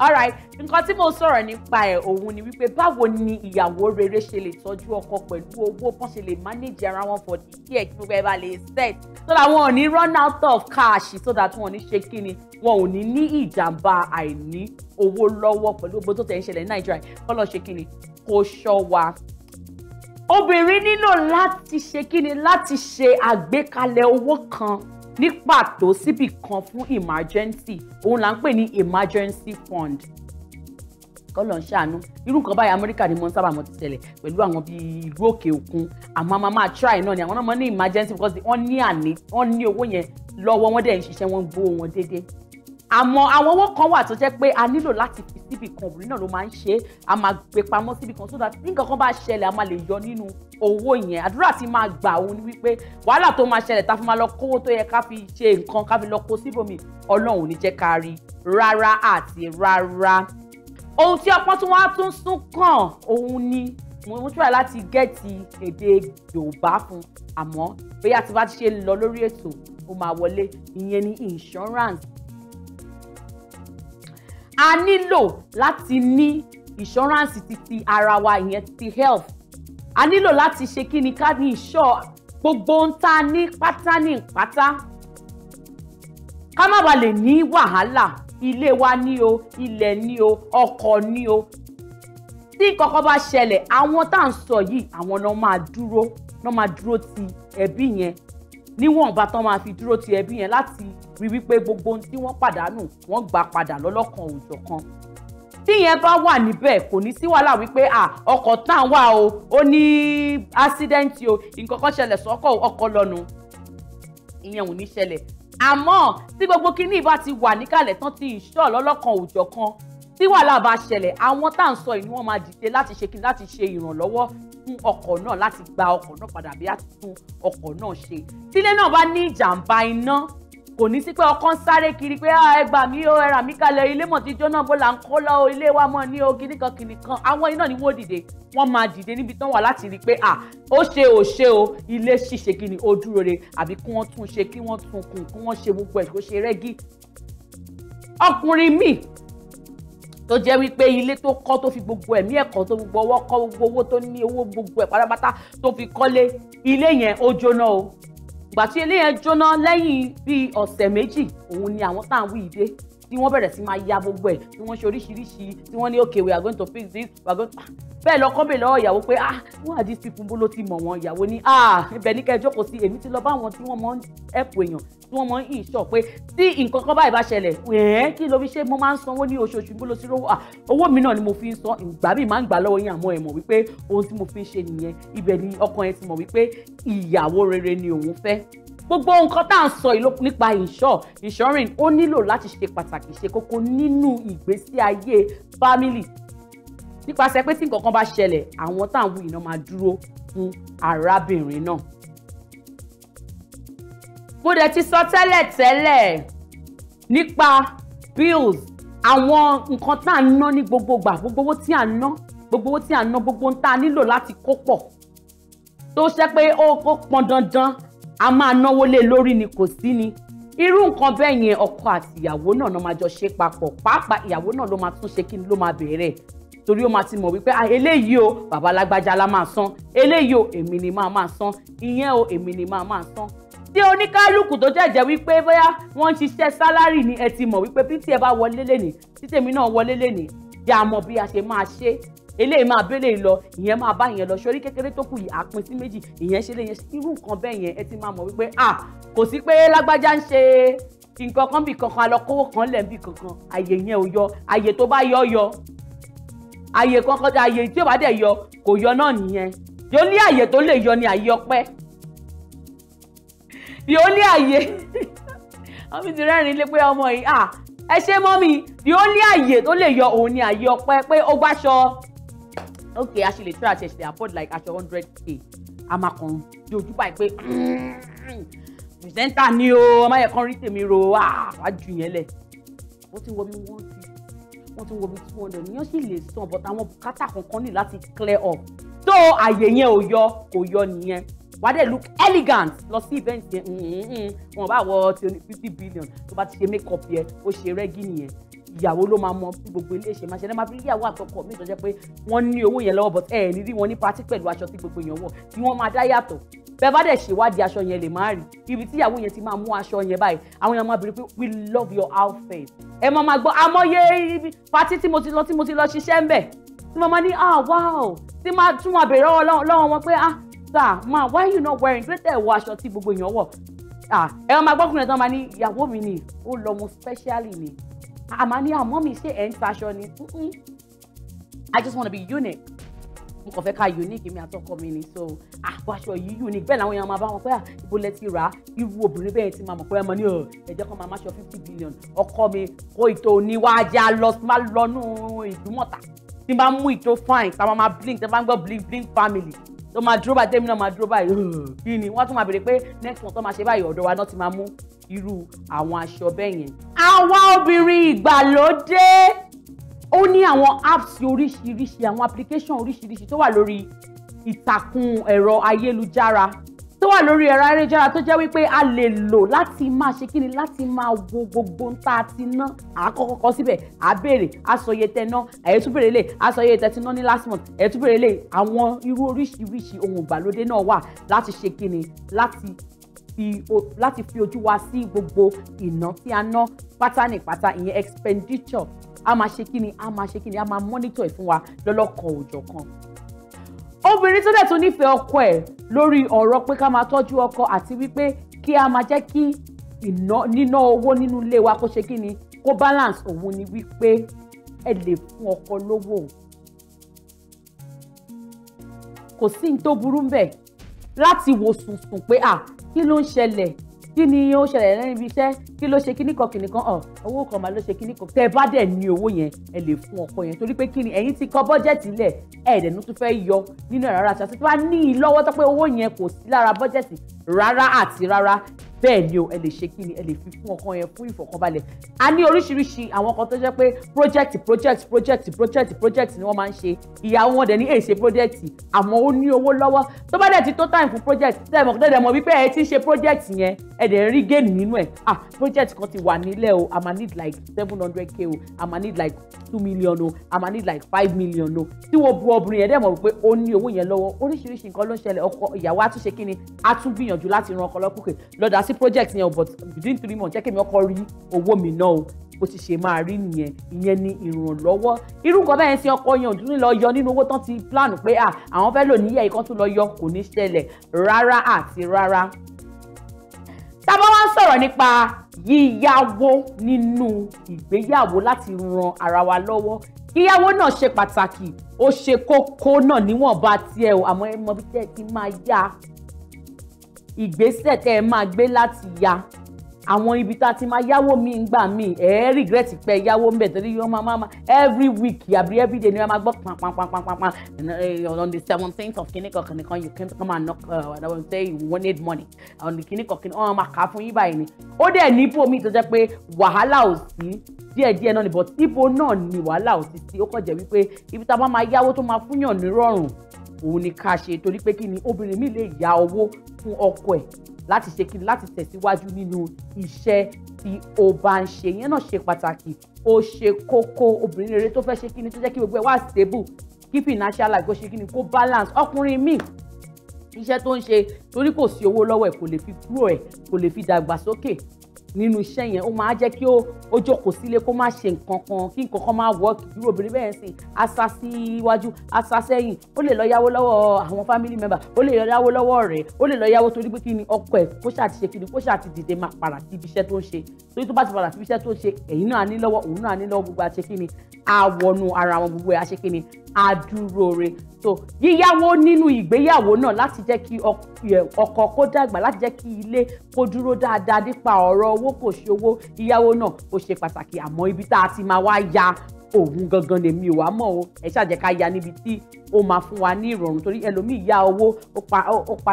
alright nǹkan tí mo sọ̀rọ̀ nípa ẹ̀ òun ni wípé báwo ni ìyàwó rere ṣe lè tọ́jú ọkọ pẹ̀lú owó bọ́n ṣe lè manage ara wọn for the year kí gbogbo ẹ̀ bá lè set so that wọn ò ní run out of cash so that wọn ò ní ṣe kíni wọn ò ní ní ìjàmbá àìní owó lọ́wọ́ pẹ̀lú gbogbo tó tẹ̀ ń ṣẹlẹ̀ ní nàìjíríà kọ́lọ́ ṣe kíni kó ṣọ́ wa obìnrin nílò láti ṣe kíni láti ṣe àgbékalẹ̀ owó kan ní pàtó síbì kan fún emergency òun là ń pè ní emergency fund kọ́lọ̀ ń ṣàánú irú nǹkan báyìí amẹ́ríkà ni mo ń sábà mọ̀ ti tẹ̀lẹ̀ pẹ̀lú àwọn bíi ìlú òkè òkun àmọ́ a máa try náà ni àwọn náà máa ní emergency because wọ́n ní àní wọ́n ní owó yẹn lọ́wọ́ wọ́n dẹ̀ ń ṣiṣẹ́ wọ́n ń gbówó wọn déédéé àmọ́ àwọn owó kan wà tó jẹ́ pé a nílò láti fi síbì kan òbí náà ló máa ń ṣe é a máa gbé pamọ́ síbì kan so that bí nǹkan kan bá ṣẹlẹ̀ a máa lè yọ nínú owó yẹn àdúrà tí máa gbà òun ni wípé wàhálà tó máa ṣẹlẹ̀ tá a fi máa lọ kówó tó yẹ ká fi ṣe nǹkan ká fi lọ kó síbòmí ọlọ́run ò ní jẹ́ ká rí rárá àti rárá ohun tí ọpọ́n tí wọ́n á tún sún kàn òun ni mo ń try láti gẹ̀ẹ́tì èdè yorùbá fún àmọ́ bóyá tí bá ti ṣe lọ lórí ètò ó máa wọlé ìyẹn ní insurance a nílò láti ní insurance ti ti ara wa ìyẹn ti health a nílò láti ṣe kí ni ká ní ìṣọ́ gbogbo ń ta ní pátá ní pátá ká má ba lè ní wàhálà ilé wa ní o ilẹ̀ ní o ọkọ̀ ní o tí kọ́kọ́ bá ṣẹlẹ̀ àwọn tá à ń sọ yìí àwọn náà máa dúró náà máa dúró ti ẹbí yẹn níwọ̀nba tán máa fi dúró ti ẹbí yẹn láti rí wípé gbogbo ohun tí wọ́n pàdánù wọ́n gbà padà lọ́lọ́kan òjọ̀kan tíyẹn bá wà níbẹ̀ kò ní sí wàhálà wípé à ọkọ̀ tán wà o ó ní ásídẹ́ǹtì o nǹkan kan ṣẹlẹ̀ sọ́kọ̀ ọkọ̀ lọ́nu ìyẹn ò ní ṣẹlẹ̀ àmọ́ tí gbogbo kinní ìbá ti wà níkàlẹ̀ tán ti ìṣọ́ lọ́lọ́kan òjọ̀kan tí wàhálà bá ṣẹlẹ̀ àwọn tá à ń sọ yìí ni wọ́n máa dìde láti ṣe kíni láti ṣe ìrànlọ́wọ́ fún ọkọ̀ náà láti gba ọkọ̀ náà padà bí a ti tún ọkọ̀ náà ṣe tílé náà bá ní ìjàmbá iná kò ní sí pé ọkàn sáré kiri pé ah, ẹ gbà mí o ẹ rà mí kalẹ̀ ilé mọ̀ tí jóná bó là ń kó lọ o ilé wa mọ̀ ní o kìnìkan kìnìkan àwọn iná ni wọ́n dìde wọ́n máa dìde níbi tán wà láti rí i pé à ah, ó ṣe ò ṣe o ilé ṣìṣe kí ni ó dúró re àbí kí wọ́n tún ṣe kí wọ́n tún kùn kí wọ́n ṣe gbogbo ẹ̀ kó ṣe rẹ́gí. ọkùnrin míì tó jẹ́ wípé ilé tó kọ́ tó fi gbogbo ẹ̀mí ẹ̀kọ́ tó gbogbo ọwọ́ kọ́ gbogbo owó tó ní owó gbogbo ẹ̀ pátápátá tó fi kọ́lé ilé yẹn ó jóná o ìgbà tí ilé yẹn jóná lẹ́yìn bíi ọ̀sẹ̀ méjì òun ni àwọn tá à ń wí ìdé tí wọ́n bẹ̀rẹ̀ sí máa ya gbogbo ẹ̀ tí wọ́n ṣe oríṣiríṣi tí wọ́n ní okay we are going to fix this we are going to bẹ́ẹ̀ lọ́kọ́ bèèrè lọ́wọ́ ìyàwó pé ah wọ́n àdí sí fún bóló ti mọ̀ wọn ìyàwó ní ah ibẹ̀ ní kẹjọ́ kò sí èmi ti lọ bá wọn tí wọ́n mọ̀ ń ẹ̀pọ̀ èèyàn tí wọ́n mọ̀ ń ìṣọ̀ pé tí nǹkan kan báyìí bá ṣẹlẹ̀ ẹ̀ẹ́n kí ló fi ṣe mo máa ń sanwó ní oṣooṣù bóló sí rówó ah owó mi náà ni mo fi ń san ìgbà mi máa ń gbà lọ́wọ́ yín àmọ́ ẹ̀ mọ̀ wípé ohun tí mo fi ń ṣe nìyẹn ibẹ̀ ni ọkàn ẹ̀ ti mọ̀ wípé ìyàwó rere ni òun fẹ́ gbogbo nǹkan tá à ń sọ yìí nípa insure insuring ó nílò láti ṣe pàtàkì ṣe kókó nínú ìgbésí ayé family nípasẹ̀ pé tí nǹkan kan bá ṣẹlẹ̀ àwọn tá à ń wù iná máa dúró fún arábìnrin náà. mo dẹ̀ ti sọ tẹ́lẹ̀ tẹ́lẹ̀ nípa bills àwọn nǹkan tá à ń ná ní gbogbo gbà gbogbo owó tí à ń ná gbogbo owó tí à ń ná gbogbo ohun tá a nílò láti kó pọ̀ tó ṣe pé ó pọn dandan a máa náwó lé lórí ni kò sí ni irú nǹkan bẹ́ẹ̀ yẹn ọkọ àti ìyàwó náà ló máa jọ ṣe papọ̀ pàápàá ìyàwó náà ló máa tún ṣe kí ni ló máa bẹ̀rẹ̀ torí ó máa ti mọ̀ wípé eléyìí o bàbá lágbájá la máa san eléyìí o èmi ni máa máa san ìyẹn o èmi ni máa máa san tí oníkálukú tó jẹ́jẹ́ wípé bóyá wọ́n ń ṣiṣẹ́ sálárì ni ẹ ti mọ̀ wípé bí tí ẹ bá wọlé lẹ́nìí tí tèmi náà wọlé lẹ́nìí jẹ́ àmọ́ bí a ṣe máa ṣe eléyìí máa bẹ́lẹ̀ lọ ìyẹn máa bá ìyẹn lọ sórí kékeré tó kù yìí àpín sí méjì ìyẹn ṣe lè yẹn irú nǹkan bẹ́ẹ̀ yẹn ti máa mọ̀ wípé ah kò sí pé lágbájá ń ṣe kan bì kankan alọ́kọ́wọ́ kan lẹ̀ ń kankan àyè yẹn ò yọ àyè tó bá yọ yọ àyè kankan àyè tí ò bá dẹ̀ yọ kò yọ náà nìyẹn yóò ní àyè tó lè yọ ni àyè ọpẹ́ yóò ní àyè ọmọ ti rẹ́rìn lé pé ọmọ yìí ah ẹ ṣe mọ́ mi yóò ní àyè tó lè yọ òun ni àyè ọpẹ́ pé ó gbàṣọ okay a ṣe lè try àti ẹ̀ṣẹ̀ afford like aṣọ hundred k a máa kàn di ojú báyìí pé mm-hmm, presenter ni o ọmọ yẹn kan rí tèmi ro ah, wá ju yẹn lẹ̀ wọ́n ti wọ bí wọ́n ti wọ́n ti wọ bí two hundred ni yóò sì lè sàn but àwọn bùkátà kankan ní láti clear up so àyè yẹn ò yọ kò yọ nìyẹn wàá look elegant lọ sí event yẹn mm-hmm, mm-hmm. wọn bá wọ fifty billion tó bá ti ṣe make up yẹn ó ṣe rẹ́gí nìyẹn ìyàwó ló máa mọ gbogbo ilé ìṣe máa ṣe ẹ máa fi ìyàwó àtọkọ mi tó jẹ́ pé wọ́n ní owó yẹn lọ́wọ́ but ẹ ní rí wọn ní patí pẹ̀lú aṣọ tí gbogbo èèyàn wọ̀ tí wọ́n máa dá yàtọ̀ bẹ́ẹ̀ bá dẹ̀ ṣèwádìí aṣọ yẹn lè má rí ibi tí ìyàwó yẹn ti máa mú aṣọ yẹn báyìí àwọn èèyàn máa bèrè pé we love your outfit ẹ máa máa gbọ́ àmọ́yé patí tí mo ti lọ tí mo ti lọ ṣiṣẹ́ ń bẹ̀ tí mo máa ní ah wow tí máa tún máa bèrè lọ́wọ́ wọn pé ah sir ma why you not wearing kí ló tẹ̀ wọ aṣọ tí gbogbo èèyàn wọ̀ ah, ẹ máa gbọ́kùnrin tán máa ní ìyàwó mi ni ó lọ́mọ specially ni I'm ni àmọ́ mommy. ṣe end fashion ni I just want to be unique mo kàn fẹ́ unique unique mi àtọkọ mi ni so ah, what's your unique bẹ́ẹ̀ làwọn èèyàn máa bá wọn pé ah, ibo you ti rà á irú obìnrin bẹ́ẹ̀ ti máa mọ̀ a ẹ mọ̀ ní ẹ̀jẹ̀ kan fifty billion Or mi kó ìtò oníwájà lọ máa lọ́nù ìdúmọ̀tà tí n bá mú ìtò fine tá a máa blink tí n blink blink family tó máa dúró báyìí tèmi náà máa dúró báyìí hmm. kí ni wọ́n tún máa béèrè pé next month tó máa ṣe báyìí ọ̀dọ̀ wa náà ti máa mú irú àwọn aṣọ bẹ́ẹ̀ yẹn. àwa obìnrin ìgbàlódé ó ní àwọn apps oríṣiríṣi àwọn application oríṣiríṣi tó wà lórí ìtàkùn ẹ̀rọ ayélujára wà lórí ẹ̀rọ ayélujára tó jẹ́ wípé a lè lò láti máa ṣe kíni láti máa wo gbogbo ń tá a ti ná àkọ́kọ́kọ́ síbẹ̀ à béèrè àsọyé tẹná ẹ̀yẹ́túbèrè lè àsọyé tẹtiná ní last month ẹ̀yẹ́túbèrè lè àwọn irú oríṣiríṣi ohun ìgbàlódé náà wà láti ṣe kíni láti fi láti fi ojú wa sí gbogbo ìná tí a ná pátá ní pátá ìyẹn expenditure a máa ṣe kí a máa ṣe kí a máa monitor ẹ̀ fún wa lọ́lọ́kan òjọ̀kan obìnrin tó dẹ̀ tún nífẹ̀ẹ́ ọkọ ẹ̀ lórí ọ̀rọ̀ pé ká máa tọ́jú ọkọ àti wípé kí a máa jẹ́ kí níná owó nínú ilé wa kó ṣe kí ni kó balance òun ni wípé ẹ lè fún ọkọ lówó kò sí ní tó burú mbẹ̀ láti wò sùnsùn pé à kí ló ń ṣẹlẹ̀ kí ni ó ṣẹlẹ̀ lẹ́nu ibi iṣẹ́ kí ló ṣe kíní kan kíní kan ọ̀ owó kan máa ló ṣe kíní kan tẹ́ ẹ bá dẹ̀ ní owó yẹn ẹ lè fún ọkọ yẹn torí pé kí ni ẹ̀yin ti kọ bọ́jẹ̀tì lẹ̀ ẹ̀ẹ́dẹ̀nu tún fẹ́ yọ nínú ẹ̀rọ aṣọ àti tí wọ́n á ní ìlọ́wọ́ tó pé owó yẹn kò sí lára bọ́jẹ̀tì rárá àti rárá bẹ́ẹ̀ ni o ẹ lè ṣe kí ni ẹ lè fi fún ọkàn yẹn fún ìfọ̀kànbalẹ̀ a ní oríṣiríṣi àwọn kan tó jẹ́ pé project project project project project ni wọ́n máa ń ṣe ìyàwó wọn dẹ̀ ní èyí project àmọ́ ó ní owó lọ́wọ́ tó bá dẹ̀ ti tó time fún project tẹ̀mọ̀ tẹ̀dẹ̀ mọ̀ wípé ẹ ti ń ṣe project yẹn ẹ dẹ̀ ń rí gain nínú ẹ̀ ah project kan ti wà nílẹ̀ o àmà need like seven hundred k o àmà need like two million o àmà need like five million o tí wọ́n bu obìnrin yẹn dẹ̀ mọ̀ wípé ó ní owó yẹn lọ́wọ́ oríṣiríṣi nǹkan ló ń ṣẹlẹ̀ ọkọ ìyàwó àtúnṣe kí ni àtúngbìyànjú láti ran ọkọ lọ́kùnkè lọ́dà sí project yẹn o but within three months jẹ́ kí mi ọkọ rí owó mi náà o bó ti ṣe máa rí nìyẹn ìyẹn ni ìrànlọ́wọ́ irú nǹkan bẹ́ẹ̀ ń sin ọkọ yẹn òdúró lọ yọ nínú owó tán ti plan pé à àwọn fẹ́ lò níyẹ̀ ikán tún lọ yọ kò ní ṣẹlẹ̀ rárá àti rárá. tábà wá ń sọ̀rọ̀ nípa yíyáwó nínú ìgbéyàwó láti ran ara wa lọ́wọ́ yíyáwó náà ṣe pàtàkì ó ṣe kókó náà níwọ̀nba tiẹ̀ o àmọ́ ẹ mọ bí tẹ́ ẹ ti máa yá ìgbésẹ̀ tẹ́ ẹ máa gbé láti ya àwọn ibi tá a ti máa yáwó mi ń gbà mí ẹ ẹ regret pé yáwó ń bẹ torí yóò máa máa every week àbí every day ni wọ́n máa gbọ́ pàpàpàpàpà eh, on the seventeenth of kìnìún kọ̀ọ̀kan nìkan you can come and knock uh, I will say you won't need money on the kìnìún kọ̀ọ̀kan wọ́n máa kà á fún yín báyìí ni ó dẹ̀ ní ipò mi tó jẹ́ pé wàhálà ò sí díẹ̀díẹ̀ náà ni but ipò náà ni wàhálà ò sí sí ó kọ̀ jẹ́ wípé ibi tá a bá máa yáwó tó máa fúnyàn ní rọrùn òun ni ká ṣe torí pé kí ni obìnrin mi lè ya owó fún ọkọ ẹ̀ láti ṣe kíni láti tẹ̀síwájú nínú iṣẹ́ tí ó bá ń ṣe yẹn náà ṣe pàtàkì ó ṣe kókó obìnrin rere tó fẹ́ ṣe kíni tó jẹ́ kí gbogbo ẹ̀ wá stable kí financial life kó ṣe kíni kó balance ọkùnrin míì iṣẹ́ tó ń ṣe torí kò sí owó lọ́wọ́ ẹ̀ kò lè fi kúrò ẹ̀ kò lè fi dàgbàsókè nínú iṣẹ́ yẹn ó máa jẹ́ kí ó jókòó sílé kó má ṣe nǹkan kan kí nǹkan kan máa wọ́ọ̀kì irú obìnrin bẹ́ẹ̀ sìn asá síwájú asá sẹ́yìn ó lè lọ yáwó lọ́wọ́ àwọn family member ó lè lọ yáwó lọ́wọ́ ọ̀rẹ́ ó lè lọ yáwó torí pé kí ni ọkọ ẹ̀ kó ṣáà ti ṣe kí ni kó ṣáà ti dìde máa padà sí ibi iṣẹ́ tó ń ṣe torí tó bá ti padà sí ibi iṣẹ́ tó ń ṣe ẹ̀yin náà ní lọ́wọ́ òun náà ní lọ́wọ́ gbogbo àṣekíni àwọnú ara wọn gbogbo àṣekíni adúróore so yíyáwó nínú ìgbéyàwó náà láti jẹ́ kí ọkọ kó dàgbà láti jẹ́ kí ilé kó dúró dáadáa nípa ọ̀rọ̀ owó kò ṣe owó yíyáwó náà ó ṣe pàtàkì àmọ́ ibi tá a ti máa wá ya òun gangan lèmi ò wá mọ̀ o ẹ ṣàjẹ́ ká ya níbi tí ó máa fún wa ní ìrọ̀rùn torí ẹlòmíì yá owó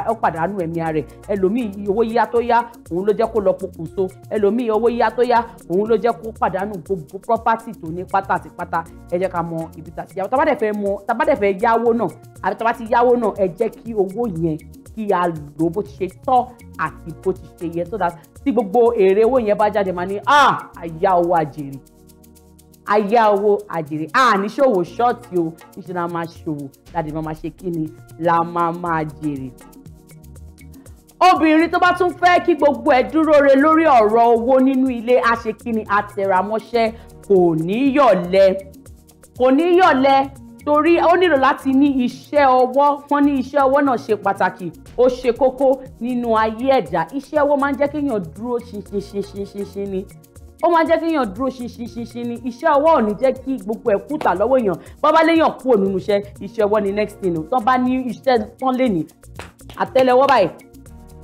ó pàdánù ẹ̀mí rẹ̀ ẹlòmíì owó yíyá tó yá òun ló jẹ́ kó lọ pokùnso ẹlòmíì owó yíyá tó yá òun ló jẹ́ kó pàdánù gbogbo property tó ní pátá àti pátá ẹ jẹ́ ká mọ ibi tàbí yáwó tá bá dẹ̀ fẹ́ mọ tá bá dẹ̀ fẹ́ yáwó náà àbí tá bá ti yáwó náà ẹ jẹ́ kí owó yẹn kí a lò bó ti ṣe tọ́ àti bó ti ṣe yẹ so that tí gbogbo èrè owó yẹn bá jáde máa ní ah àyà owó àjèrè ayá owó àjèrè àníṣòwò ṣọ́ọ̀tì o níṣẹ́ la máa ṣòwò láti máa ṣe kí ni la máa máa jèrè obìnrin tó bá tún fẹ́ kí gbogbo ẹ̀ dúró re lórí ọ̀rọ̀ owó nínú ilé aṣekíni àtẹ̀ramọ́ṣẹ́ kò ní yọ̀lẹ kò ní yọ̀lẹ torí ó nílò láti ní iṣẹ́ ọwọ́ wọ́n ní iṣẹ́ ọwọ́ náà ṣe pàtàkì ó ṣe kókó nínú ayé ẹ̀dá iṣẹ́ ọwọ́ máa ń jẹ́ kéèyàn dúró ṣinṣinṣinṣinṣin ni ó máa ń jẹ́ kí èèyàn dúró ṣinṣinṣinṣin ni iṣẹ́ ọwọ́ ò ní jẹ́ kí gbogbo ẹ̀ kùtà lọ́wọ́ èèyàn bọ́ bá léèyàn kúrò nínú iṣẹ́ iṣẹ́ ọwọ́ ni next thing tó bá ní iṣẹ́ tán lè ní àtẹ́lẹwọ́ báyìí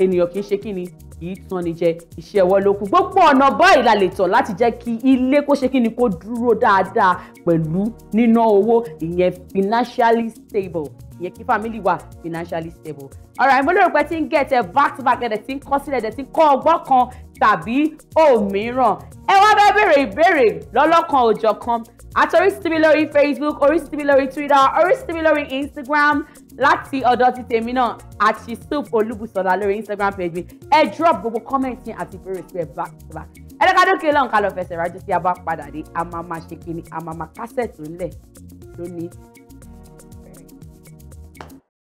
ènìyàn kì í ṣe kí ni kì í tán ni jẹ gbogbo ọ̀nà báyìí la lè tọ̀ láti jẹ́ kí ilé kó ṣe kí ni kó dúró dáadáa pẹ̀lú níná owó ìyẹn financially stable ìyẹn kí family wa financially stable. ọ̀rọ̀ àìmọ́ lórí pé ń gẹ̀ tẹ back to back ẹ̀dẹ̀ tí ń kọ́ sílẹ̀ ẹ̀dẹ̀ tí ń kọ́ ọgbọ́n kan tàbí òmíràn. ẹ wá bẹ́ẹ̀ béèrè ìbéèrè lọ́lọ́kan òjọ̀kan àti Orísun TV lórí Facebook Orísun TV lórí Twitter Orísun TV lórí Instagram láti ọ̀dọ̀ ti tèmi náà àti soup olúbùsọ̀lá lórí instagram page mi ẹ drop gbogbo comment yẹn àti fèrè sí ẹ back to back ẹlẹ́kadókè lọ́n ká lọ fẹsẹ̀ rájò sí abá padà dé a máa máa ṣe kíni a máa máa kásẹ̀tì ńlẹ̀ lónìí.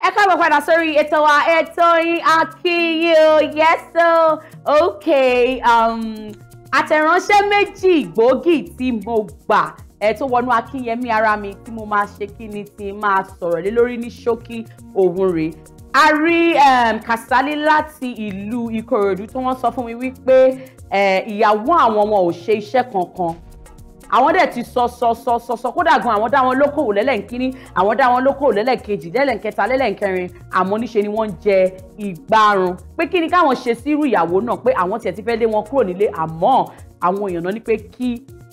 ẹ káàbọ̀ padà sórí ètò wa ètò yín akíyí o okay um, àtẹ̀ránṣẹ́ méjì gbòógì tí mo gbà ẹ tó wọnú akínyẹmí ara mi tí mo máa ṣe kí ni tí máa sọ̀rọ̀ lé lórí ní ṣókí òun rèé a rí um, Kasali láti ìlú Ìkòròdú tí wọ́n sọ fún mi wípé ìyàwó àwọn ọmọ ò ṣe iṣẹ́ kankan àwọn dẹ̀ ti sọ sọ sọ sọ sọ kódà gan àwọn dá wọn lókòwò lẹ́lẹ́ǹkíní àwọn dá wọn lókòwò lẹ́lẹ́ǹkejì lẹ́lẹ́ǹkẹta lẹ́lẹ́ǹkẹrin àmọ́ níṣe ni wọ́n ń jẹ ìgbárun pé kí ni káwọn ṣe sírú ìyàwó náà pé àwọn tiẹ̀ ti fẹ́ lé wọn kúrò nílé àmọ́ àwọn èèyàn náà ní pé kí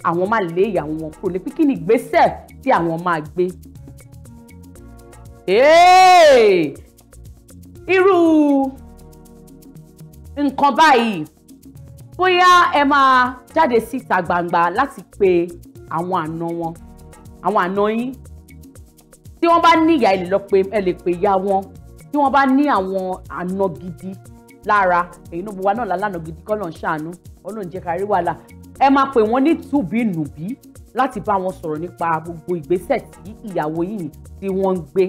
àwọn máa lé ìyàwó wọn kúrò lé pé kí ni ìgbésẹ̀ tí àwọn máa gbé. irú nǹkan báyìí bóyá ẹ máa jáde síta gbangba láti pe àwọn àna wọn àwọn àna yín tí wọ́n bá ní ìyá ẹ lè lọ pé ẹ lè pè ìyá wọn tí wọ́n bá ní àwọn àna gidi lára èyí náà gbogbo wa náà lálànà gidi kọ́ lọ́n ṣàánú ọlọ́run jẹ́ ká rí wàhálà ẹ máa pè wọ́n ní tùbínùbí láti bá wọn sọ̀rọ̀ nípa gbogbo ìgbésẹ̀ tí ìyàwó yìí tí wọ́n ń gbé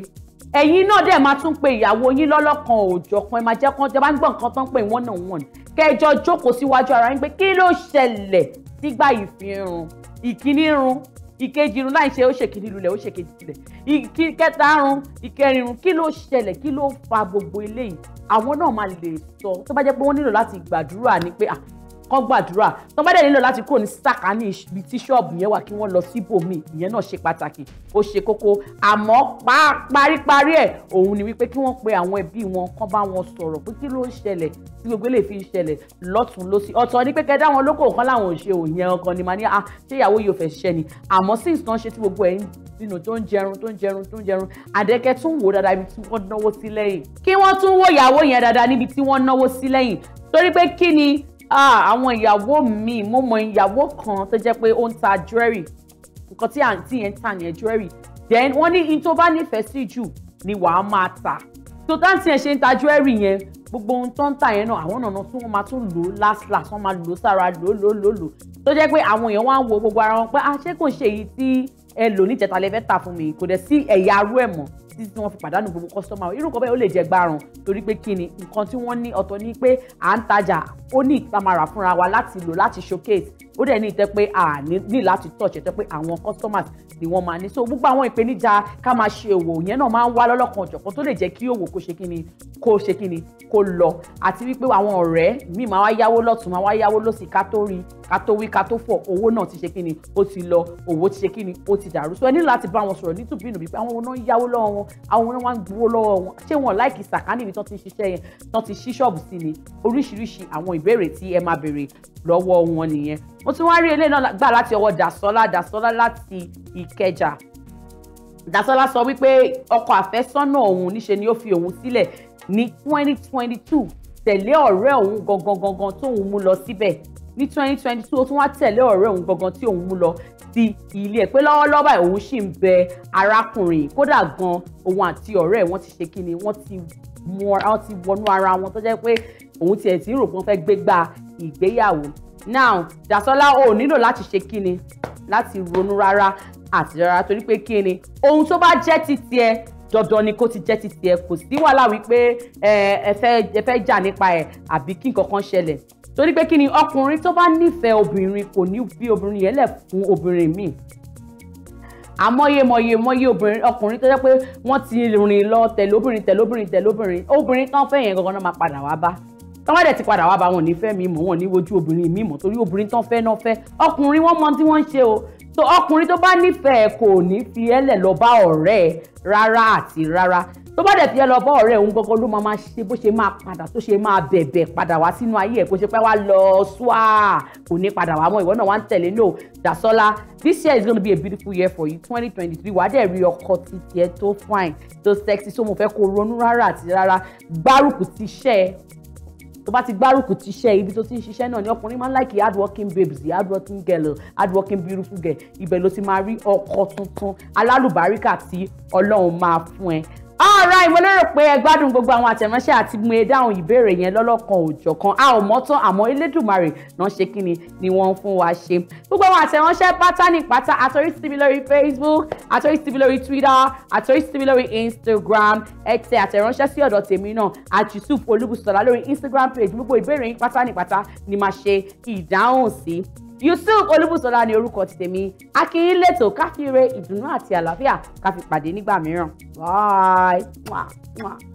ẹ̀yin náà dẹ̀ máa tún pe ìyàwó yín lọ́lọ́kan òòjọ̀kan ẹ máa jẹ́ kán jẹ́ bá ń gbọ́ nǹkan tó ń pè wọ́n náà wọ̀n ni kẹjọ jókòó síwájú ara yín pé kí ló ṣẹlẹ̀ sígbà ìfihàn ìkíní run ìkejì run láì ṣe ó ṣe kìíní lulẹ̀ ó ṣe kejì lulẹ̀ ìkẹta run ìkẹrin run kí ló ṣẹlẹ̀ kí ló fa gbogbo eléyìí àwọn náà máa lè sọ tó bá jẹ́ pé wọ́n nílò láti gbàdúrà ni pé kọ́ gbàdúrà tó bá dẹ̀ nílò láti kúrò ní sàkání ibi tí ṣọ́ọ̀bù yẹn wà kí wọ́n lọ síbòmíì ìyẹn náà ṣe pàtàkì ó ṣe kókó àmọ́ paríparí ẹ̀ òun ni wípé kí wọ́n pe àwọn ẹbí wọn kán bá wọn sọ̀rọ̀ pé kí ló ń ṣẹlẹ̀ tí gbogbo lè fi ṣẹlẹ̀ lọ́tún lọ́sí ọ̀tọ̀ ni pé kẹ́dá wọn lóko nǹkan láwọn ò ṣe òyìn ọkàn ni màá ní ah ṣé ìyàwó yóò fẹ́ ṣiṣẹ́ ni àmọ́ sí ìtàn ṣe tí gbogbo ẹ̀ nínú tó ń jẹrun tó ń jẹrun tó ń jẹrun àdẹ́kẹ́ tún wò dáadáa ibi tí wọ́n náwó sí lẹ́yìn kí wọ́n tún wò ìyàwó yẹn dáadáa níbi tí wọ́n náwó sí lẹ́yìn torí pé kí ni Ah, àwọn ìyàwó mi mo mọ ìyàwó kan tó jẹ́ pé ó ń ta jewelry nǹkan tí àǹtí yẹn ń tà nìyẹn jewelry then wọ́n ní in tó bá nífẹ̀ẹ́ sí jù ni wàá máa tà tó táǹtì yẹn ṣe ń ta jewelry yẹn gbogbo ohun tó ń tà yẹn náà àwọn ọ̀nà tí wọ́n máa tún lò last last wọ́n máa lò sára lò lò lò lò tó jẹ́ pé àwọn èèyàn wá ń wo gbogbo ara wọn pé àṣé ah, kò ń ṣe èyí tí ẹ lò níjẹta lẹ́fẹ́ tà fún mi kò dẹ̀ sí ẹ̀yà arú ẹ̀ mọ́ títí tí wọ́n fi pàdánù gbogbo kọ́sítọ́mà irú nǹkan bẹ́ẹ̀ ó lè jẹ́ gbárùn torí pé kí ni nǹkan tí wọ́n ní ọ̀tọ̀ ni pé à ń tajà ó ní ìpamara fúnra wa láti lò láti showcase ó dẹ̀ ní ìtẹ́ pé a ní láti touch ìtẹ́ pé àwọn customers ni wọ́n máa ní so gbogbo àwọn ìpèníjà ká máa ṣe òwò yẹn náà máa ń wá lọ́lọ́kan ọ̀jọ̀kan tó lè jẹ́ kí òwò kó ṣe kí ni kó ṣe kí ni kó lọ àti wípé àwọn ọ̀rẹ́ míì máa wá yáwó lọ́tún máa wá yáwó lọ́sì ká tó rí ká tó wí ká tó fọ̀ owó náà ti ṣe kí ni ó ti lọ òwò ti ṣe kí ni ó ti dàrú so ẹ ní láti bá wọn sọ̀rọ̀ nítùbínú bíi pé àwọn náà yáwó lọ́wọ́ wọn àwọn náà wá ń gbowó lọ́wọ́ wọn ṣé wọn láìkì sàkánì ibi tán ti ṣiṣẹ́ yẹn tán ti ṣí ṣọ́ọ̀bù sí ni oríṣiríṣi àwọn ìbéèrè tí ẹ máa béèrè lọ́wọ́ wọn nìyẹn mo tún wá rí eléyìí náà gbà láti ọwọ́ Dàsọ́lá Dàsọ́lá láti Ìkẹjà Dàsọ́lá sọ wípé ọkọ àfẹ́sọ́nà òun níṣe ni ó fi òun sílẹ̀ ní twenty twenty two tẹ̀lé ọ̀rẹ́ òun gangan gangan tóun mú lọ síbẹ̀ ní twenty twenty two ó tún wá tẹ̀lé ọ̀rẹ́ òun gangan tí òun mú lọ sí ilé ẹ̀ pé lọ́wọ́lọ́wọ́ báyìí òun sì ń bẹ arákùnrin kódà gan òun àti ọ̀rẹ́ ẹ̀ wọ́n ti ṣe kíni wọ́n ti wọnú ara wọn tó jẹ́ pé òun tiẹ̀ ti ń rò pé wọ́n fẹ́ gbégbá ìgbéyàwó now Dasola ò nílò láti ṣe kíni láti ronú rárá àti rárá torí pé kíni ohun tó bá jẹ́ ti tiẹ̀ dandan ni kó ti jẹ́ ti tiẹ̀ kò sí wàhálà wípé ẹ fẹ́ jà nípa ẹ̀ àbí kí nǹkan kan ṣẹlẹ̀ torí pé kíni ọkùnrin tó bá nífẹ̀ẹ́ obìnrin kò ní fi obìnrin yẹn lẹ̀ fún obìnrin míì àmọye mọye mọye obìnrin ọkùnrin tó jẹ́ pé wọ́n ti rìn lọ tẹ̀lóbìnrin tẹ̀lóbìnrin tẹ̀lóbìnrin obìnrin tán fẹ́ yẹn gangan náà máa padà wá bá tọ́wọ́ dẹ̀ ti padà wá bá wọn ní fẹ́ mi mọ̀ wọn ní wojú obìnrin mi mọ̀ torí obìnrin tán fẹ́ náà fẹ́ ọkùnrin wọn mọ tí wọ́n ń ṣe o so ọkùnrin tó bá nífẹ̀ẹ́ kò ní fi ẹlẹ̀ lọ bá ọ̀rẹ́ ẹ rárá àti rárá tó bá dẹ̀ fi ẹ lọ bá ọ̀rẹ́ òun gangan ló máa ṣe bó ṣe máa padà tó ṣe máa bẹ̀bẹ̀ padà wá sínú ayé ẹ̀ kó ṣe pé wá lọ ṣúà kò ní padà wá mọ́ ìwọ náà wá ń tẹ̀lé no Dasola this year is gonna be a beautiful year for you twenty twenty three wàá dẹ̀ rí ọkọ ti tiẹ̀ tó fine tó sexy so mo fẹ́ kó ronú rárá àti rárá gbárùkù ti ṣẹ́ tó bá ti gbárùkù ti ṣe ibi tó ti ń ṣiṣẹ́ náà ni ọkùnrin máa ń láìkì hard working babes the hard working girl hard working beautiful girl ibẹ̀ ló ti máa rí ọkọ tuntun alálùbáríkà tí ọlọ́run máa fún ẹ alright mo lérò pé ẹ gbádùn gbogbo àwọn àtẹ̀ránṣẹ́ àti mo dáhùn ìbéèrè yẹn lọ́lọ́kan òjọ̀kan a ò mọ́tán àmọ́ elédùnmarè náà ṣe kí ni ni wọ́n ń fún wa ṣe gbogbo àwọn àtẹ̀ránṣẹ́ pátá ní pátá àtọ́rí sí mi lórí facebook àtọ́rí sí mi lórí twitter àtọ́rí sí mi lórí instagram ẹ tẹ àtẹ̀ránṣẹ́ sí ọ̀dọ̀ tèmi náà àti yusuf olúbùsọ̀lá lórí instagram page gbogbo ìbéèrè yín pátá ní pátá ni máa ṣe ìdáhùn sí Yusuf Olúbùsọlá ni orúkọ ti tèmi akínyìn lẹ́tọ̀ káfíńre ìdùnnú àti àlàáfíà káfí pàdé nígbà mìíràn bye. Mwah, mwah.